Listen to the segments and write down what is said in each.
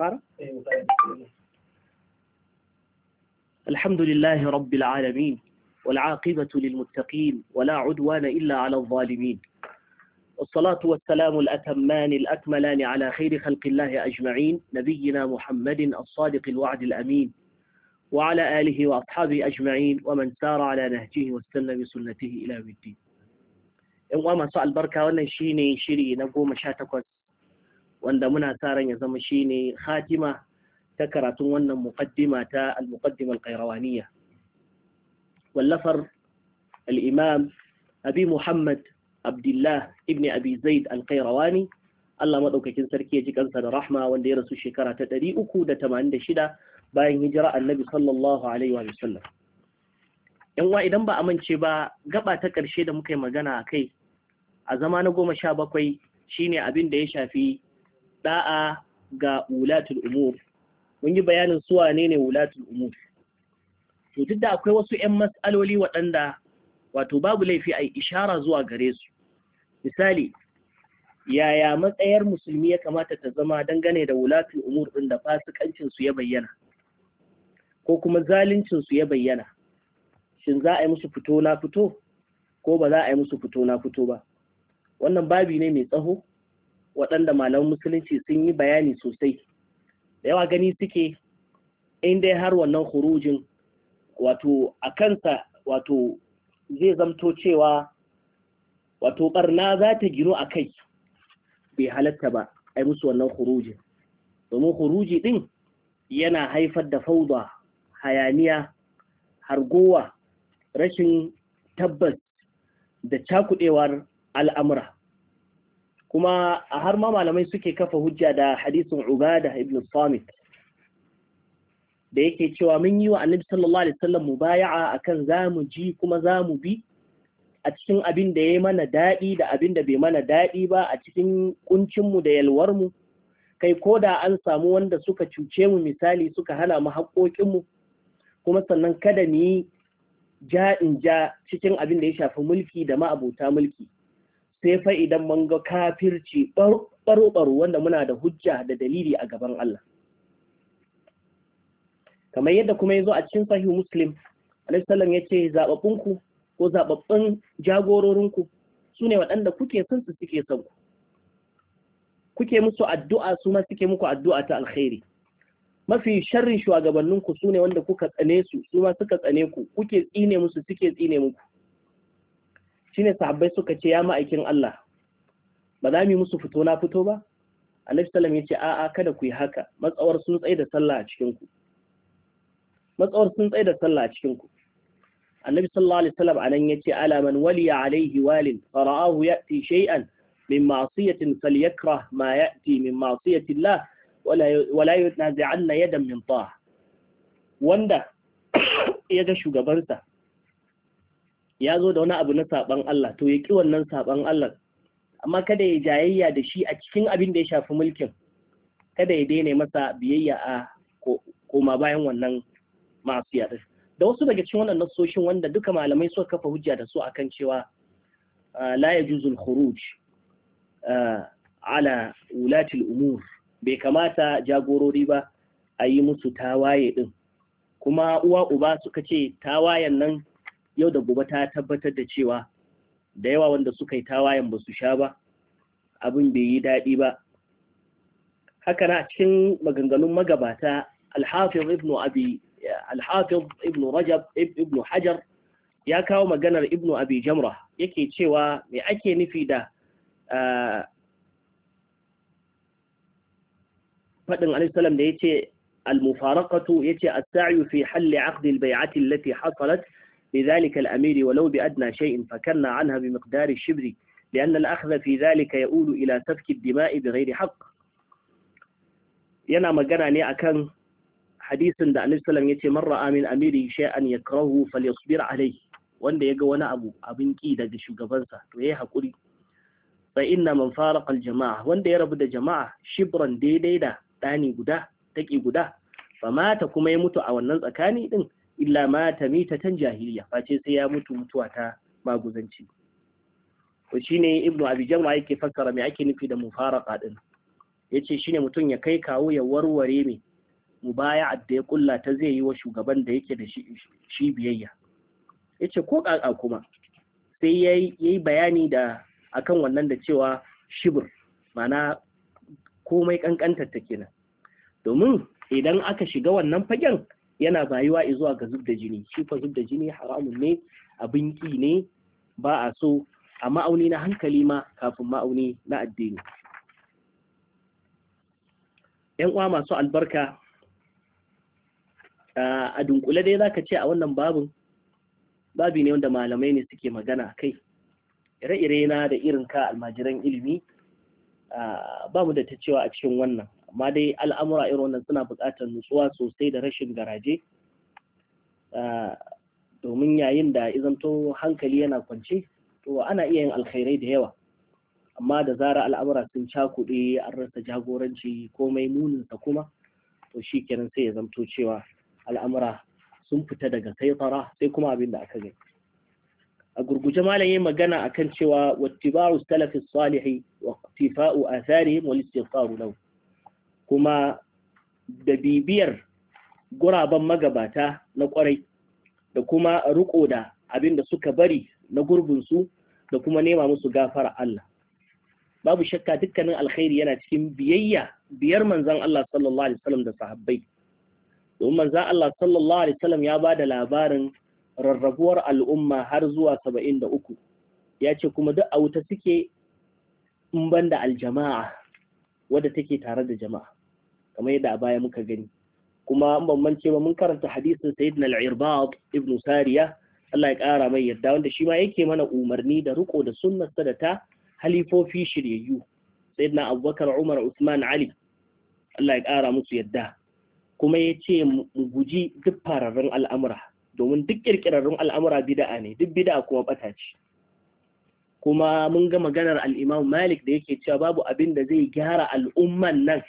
إيه، الحمد لله رب العالمين والعاقبة للمتقين ولا عدوان إلا على الظالمين والصلاة والسلام الأتمان الأكملان على خير خلق الله أجمعين نبينا محمد الصادق الوعد الأمين وعلى آله وأصحابه أجمعين ومن سار على نهجه واستنى بسنته إلى الدين ‘yan uwa masu albarka wannan shi ne shiri wanda muna sa ran ya zama shine khatima ta karatun wannan muqaddima ta al-muqaddima al-qayrawaniya wallafar al-imam abi muhammad abdullah ibn abi zaid al-qayrawani Allah madaukakin sarki ya ji kansa da rahma wanda ya rasu shekara ta 386 bayan hijira annabi sallallahu alaihi wa sallam yan wa idan ba amince ba gaba ta karshe da muka yi magana a kai a zama na goma sha bakwai shine abin da ya shafi da'a ga wulatul umur mun yi bayanin su wane ne wulatul umur to duk da akwai wasu ƴan mas'aloli waɗanda wato babu laifi a ishara zuwa gare su misali yaya matsayar musulmi ya kamata ta zama dangane da wulatul umur ɗin da fasikancin su ya bayyana ko kuma zalincin su ya bayyana shin za a yi musu fito na fito ko ba za a yi musu fito na fito ba wannan babi ne mai tsaho waɗanda malaman musulunci sun yi bayani sosai da yawa gani suke in dai har wannan hurujin wato a kansa wato zai zamto cewa wato barna za ta gino a kai bai halatta ba a musu wannan hurujin domin huruji din yana haifar da fauda hayaniya hargowa rashin tabbas da cakudewar al'amura kuma a har ma malamai suke kafa hujja da hadisin Ubada ibn Samit da yake cewa mun yi wa Annabi sallallahu alaihi wasallam mubaya'a akan zamu ji kuma zamu bi a cikin abin da yayi mana dadi da abin da bai mana dadi ba a cikin kuncin mu da yalwar mu kai koda an samu wanda suka cuce mu misali suka hana mu haƙoƙin mu kuma sannan kada ni ja in ja cikin abin da ya shafi mulki da ma abota mulki sai fa idan mun ga kafirci baro wanda muna da hujja da dalili a gaban Allah kamar yadda kuma ya zo a cikin sahihu muslim alaihi ya ce zaɓaɓɓunku ko zaɓaɓɓun jagororinku ne waɗanda kuke son su suke son ku kuke musu addu'a su ma suke muku addu'a ta alkhairi mafi sharrin shugabanninku su ne wanda kuka tsane su su ma suka tsane ku kuke tsine musu suke tsine muku shine sahabbai suka ce ya ma'aikin Allah ba za mu musu fito na fito ba Annabi sallam ya ce a'a kada ku yi haka matsawar sun tsaye da sallah a cikin ku matsawar sun tsaye da sallah a cikin ku Annabi sallallahu alaihi wasallam anan yace ala man waliya alaihi walin fara'ahu ya'ti shay'an min ma'siyatin falyakrah ma ya'ti min ma'siyati Allah wala wala yunazi'anna yadan min ta wanda ya ga shugabansa ya zo da wani abu na saban Allah to ya ki wannan saban Allah amma kada ya jayayya da shi a cikin abin da ya shafi mulkin kada ya daina masa biyayya a koma bayan wannan masiya din da wasu daga cikin wannan nasoshin wanda duka malamai suka kafa hujja da su akan cewa la yajuzul khuruj ala wulatil umur bai kamata jagorori ba a yi musu tawaye din kuma uwa uba suka ce tawayen nan yau da gobe ta tabbatar da cewa da yawa wanda suka yi tawayen ba su sha ba abin bai yi daɗi ba haka na cikin maganganun magabata alhafiz ibn abi ibn rajab ibn hajar ya kawo maganar ibn abi jamra yake cewa me ake nufi da faɗin alaihissalam da ya ce المفارقة يتي السعي في حل عقد البيعة التي حصلت لذلك الأمير na بأدنى شيء فكلنا عنها بمقدار الشبر لأن الأخذ في ذلك يؤول إلى سفك الدماء بغير حق yana magana ne a kan hadisin da Annabi ya ce wasallam yace man ra'a min amiri shay'an yakrahu falyasbir alayhi wanda yaga wani abu abin ki daga shugabansa to yi hakuri fa inna man faraqa al-jama'a wanda ya rabu da jama'a shibran daidai da dani guda taki guda fa mata kuma ya mutu a wannan tsakani din illa ma ta mita tan jahiliya face sai ya mutu mutuwa ta maguzanci to shine ibnu abijan wa yake fassara me ake nufi da mufaraka din yace shine mutum ya kai kawo ya warware me mubaya'a da ya kulla ta zai yi wa shugaban da yake da shi biyayya yace ko kaka kuma sai yayi yayi bayani da akan wannan da cewa shibir mana komai kankantar ta kenan domin idan aka shiga wannan fagen yana bayuwa zuwa ga Zubda jini shi fa zub jini haramun ne abin ki ne ba a so a ma'auni na hankali ma kafin ma'auni na addini yan uwa masu albarka a dunkule dai zaka ce a wannan babin babi ne wanda malamai ne suke magana kai ire-ire na da irin ka almajiran ilimi ba mu da ta cewa a cikin wannan amma dai al'amura irin wannan suna buƙatar nutsuwa sosai da rashin garaje domin yayin da izanto hankali yana kwance to ana iya yin alkhairai da yawa amma da zara al'amura sun cakuɗe an rasa jagoranci komai muninsa kuma to shi kenan sai ya zamto cewa al'amura sun fita daga fara, sai kuma abin da aka gani a gurguje malam yayin magana akan cewa wattiba'u salafi salihi wa tifa'u atharihim wal istighfaru lahu kuma da bibiyar guraben magabata na kwarai da kuma riko da abinda suka bari na gurbin su da kuma nema musu gafara Allah babu shakka dukkanin alkhairi yana cikin biyayya biyar manzan Allah sallallahu alaihi wasallam da sahabbai domin manzan Allah sallallahu alaihi wasallam ya bada labarin rarrabuwar al'umma har zuwa saba'in da uku ya ce kuma duk a wuta suke in ban aljama'a wadda take tare da jama'a kamar yadda a baya muka gani kuma an bambance ba mun karanta hadisin sayyidin al'irbad ibn sariya Allah ya kara mai yadda wanda shi ma yake mana umarni da riko da sa da ta halifofi shiryayyu sayyidina abubakar umar usman ali Allah ya kara musu yadda kuma ya ce mu guji duk fararen al'amura domin duk kirkirarrun al'amura bida'a ne duk bida'a kuma bata ce kuma mun ga maganar al'imam malik da yake cewa babu abin da zai gyara al'umman nan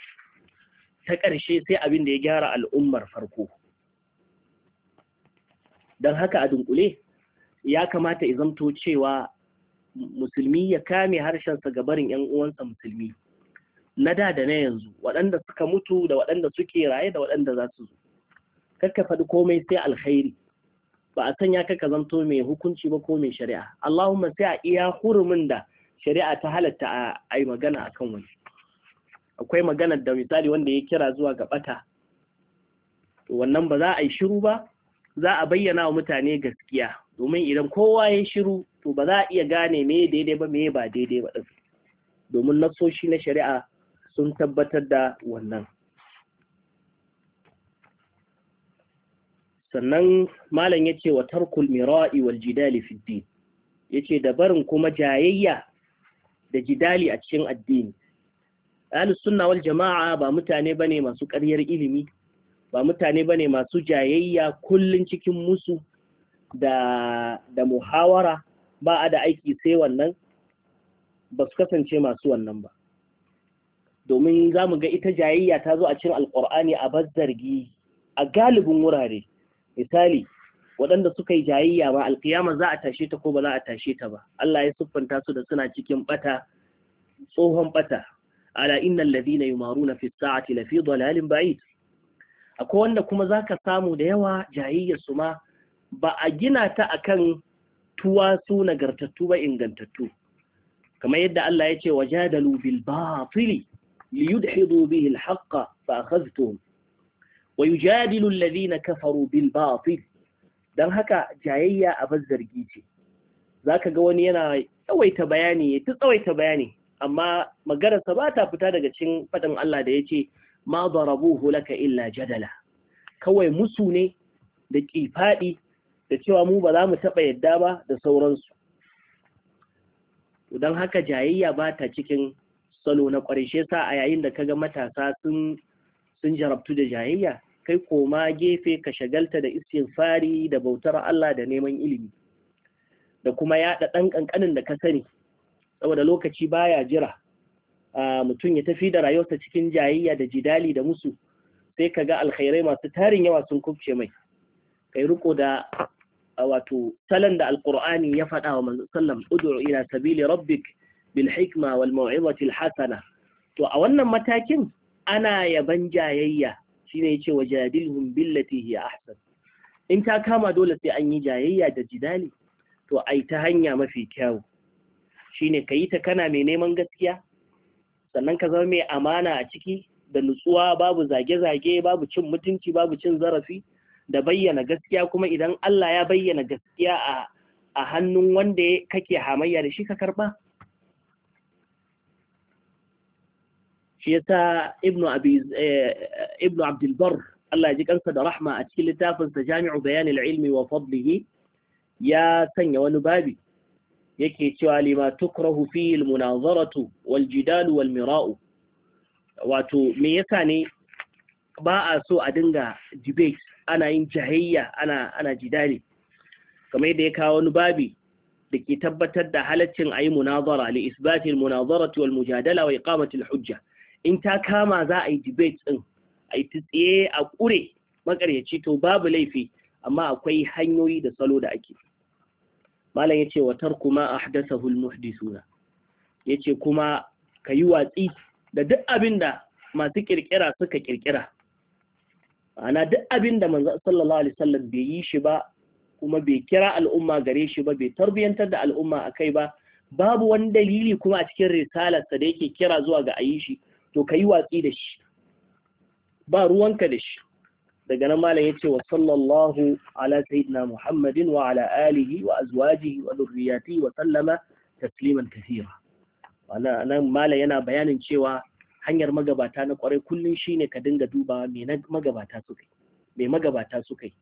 ta ƙarshe sai abin da ya gyara al'ummar farko don haka a dunkule ya kamata izamto cewa musulmi ya kame harshensa ga barin 'yan uwansa musulmi na da da na yanzu waɗanda suka mutu da waɗanda suke raye da waɗanda za su zo kakka faɗi komai sai alkhairi ba a sanya ka ka zanto mai hukunci ba ko mai shari'a Allahumma sai a iya hurumin da shari'a ta halatta a yi magana akan wani akwai magana da misali wanda ya kira zuwa ga bata wannan ba za a yi shiru ba za a bayyana wa mutane gaskiya domin idan kowa ya shiru to ba za a iya gane me daidai ba me ba daidai ba domin nasoshi na shari'a sun tabbatar da wannan sannan malam ya ce wa tarkul mira'i wal jidali fi din ya ce da barin kuma jayayya da jidali a cikin addini ahlus sunna wal jama'a ba mutane bane masu ƙaryar ilimi ba mutane bane masu jayayya kullum cikin musu da da muhawara ba a da aiki sai wannan ba su kasance masu wannan ba domin za mu ga ita jayayya ta zo a cikin alƙur'ani a bazzargi a galibin wurare misali waɗanda suka yi jayayya ba alkiyama za a tashe ta ko ba za a tashe ta ba Allah ya siffanta su da suna cikin bata tsohon bata ala innal ladina yumaruna fi sa'ati lafi dalalin ba'id akwai wanda kuma zaka samu da yawa jayayyar su ma ba a gina ta akan tuwa su nagartattu ba ingantattu kamar yadda Allah ya ce wajadalu bil batili liyudhidu bihi al haqqa fa akhadhtuhum wa yujadilu alladhina kafaru bil batil haka jayayya a zargi ce zaka ga wani yana tsawaita bayani ta tsawaita bayani amma magararsa ba ta fita daga cikin faɗin Allah da yace ma darabuhu laka illa jadala kawai musu ne da kifadi da cewa mu ba za mu taɓa yadda ba da sauransu don haka jayayya ba ta cikin salo na ƙwarishe sa a yayin da kaga matasa sun jarabtu da jayayya kai koma gefe ka shagalta da istighfari da bautar Allah da neman ilimi da kuma yaɗa ɗan ƙanƙanin da ka sani saboda lokaci baya jira mutum ya tafi da rayuwarsa cikin jayayya da jidali da musu sai ka ga alkhairai masu tarin yawa sun kubce mai kai riko da wato salon da alkur'ani ya faɗa wa manzo sallam ud'u ila sabili rabbik bil hikma wal mau'izati al hasana to a wannan matakin ana yaban jayayya shine yace wajadilhum billati hi ahsan in ta kama dole sai an yi jayayya da jidali to ai ta hanya mafi kyau shine kayi ta kana mai neman gaskiya sannan ka zama mai amana a ciki da nutsuwa babu zage-zage babu cin mutunci babu cin zarafi da bayyana gaskiya kuma idan Allah ya bayyana gaskiya a hannun wanda kake hamayya da shi ka karba شيتا ابن ابي إيه ابن عبد البر الله يجيك انت رحمه اتشيل تافز جامع بيان العلم وفضله يا سن ونبابي يكي تشوى ما تكره فيه المناظرة والجدال والمراء واتو ميساني باء سوء دنجا جبيت انا ان جهية انا انا جدالي كما يديك ونبابي لكي تبتد حالة اي مناظرة لإثبات المناظرة والمجادلة وإقامة الحجة in ta kama za a yi debate din a yi tsaye a kure, makaryaci to babu laifi amma akwai hanyoyi da salo da ake malam yace wa tarku ma ahdathahu Ya yace kuma kayi watsi da duk abinda masu kirkira suka ƙirƙira. ana duk abinda manzo sallallahu alaihi wasallam bai yi shi ba kuma bai kira al'umma gare shi ba bai tarbiyantar da al'umma a kai ba babu wani dalili kuma a cikin risalarsa da yake kira zuwa ga yi shi to ka yi watsi da shi ba ruwanka da shi daga nan malam ya ce wa sallallahu ala sayyidina muhammadin wa ala alihi wa azwajihi wa zurriyati wa sallama tasliman kathira nan malam yana bayanin cewa hanyar magabata na kwarai kullun shine ka dinga duba me magabata suka yi me magabata suka yi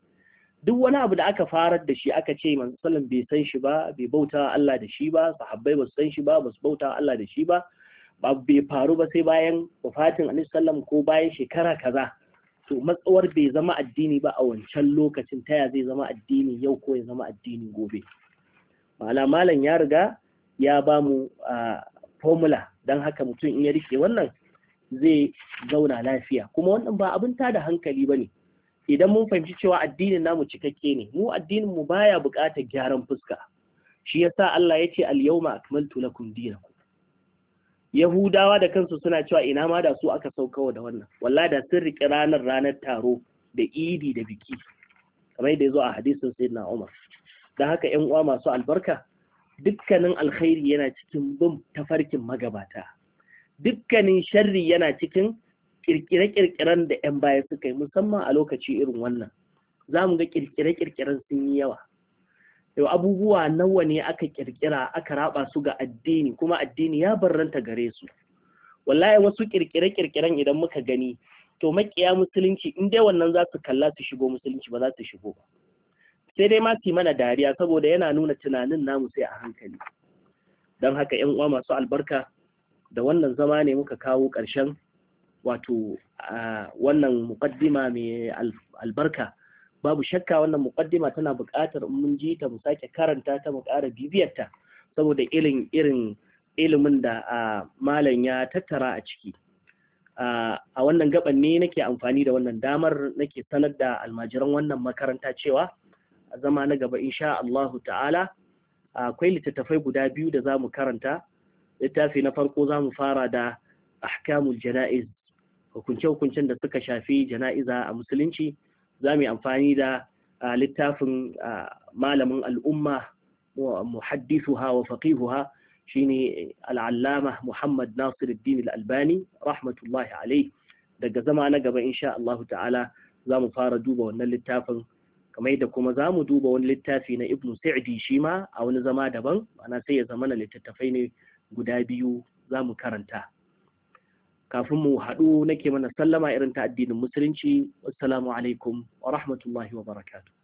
duk wani abu da aka farar da shi aka ce manzo sallam bai san shi ba bai bauta Allah da shi ba sahabbai ba su san shi ba ba su bauta Allah da shi ba bai faru ba sai bayan wafatin alaihi sallam ko bayan shekara kaza to matsawar bai zama addini ba a wancan lokacin taya zai zama addini yau ko ya zama addini gobe malam ya riga ya ba mu formula don haka mutum in ya rike wannan zai zauna lafiya kuma wannan ba abin ta da hankali ba ne idan mun fahimci cewa addinin namu cikakke ne mu addinin mu baya buƙatar gyaran fuska shi yasa Allah ya ce al-yawma akmaltu lakum dinakum yahudawa da kansu suna cewa ina ma da su aka wa da wannan wallahi da sun riƙe ranar ranar taro da idi da biki kamar yadda ya zo a hadisin sayyidina umar Da haka yan uwa masu albarka dukkanin alkhairi yana cikin bin tafarkin magabata dukkanin sharri yana cikin ƙirƙire-ƙirƙiren da yan baya suka yi musamman a lokaci irin wannan za mu ga ƙirƙire-ƙirƙiren sun yi yawa yau abubuwa nawa ne aka kirkira aka raba su ga addini kuma addini ya barranta gare su wallahi wasu kirkire-kirkiren idan muka gani to makiya musulunci in dai wannan za su kalla su shigo musulunci ba za su shigo ba sai dai ma su mana dariya saboda yana nuna tunanin namu sai a hankali don haka yan uwa masu albarka da wannan zama ne muka kawo ƙarshen wato wannan muqaddima mai albarka babu shakka wannan muqaddima tana buƙatar mun ji ta mu sake karanta ta mu ƙara bibiyar ta saboda irin irin ilimin da malam ya tattara a ciki a wannan gaban ne nake amfani da wannan damar nake sanar da almajiran wannan makaranta cewa a zama na gaba insha Allah ta'ala akwai littattafai guda biyu da zamu karanta littafi na farko zamu fara da ahkamul jana'iz hukunce-hukuncen da suka shafi jana'iza a musulunci za mu yi amfani da ah, littafin ah, malamin al'umma muhaddisuha wa faqihuha shine al'allama Muhammad Nasiruddin al-Albani rahmatullahi alai daga zama na gaba insha Allah ta'ala za mu fara duba wannan littafin kamar yadda kuma za mu duba wani littafi na ibnu Sa'di shi ma a wani zama daban ana sai ya zama na littattafai ne guda biyu za mu karanta kafin mu haɗu nake mana sallama irin ta addinin musulunci assalamu alaikum wa rahmatullahi wa barakatuh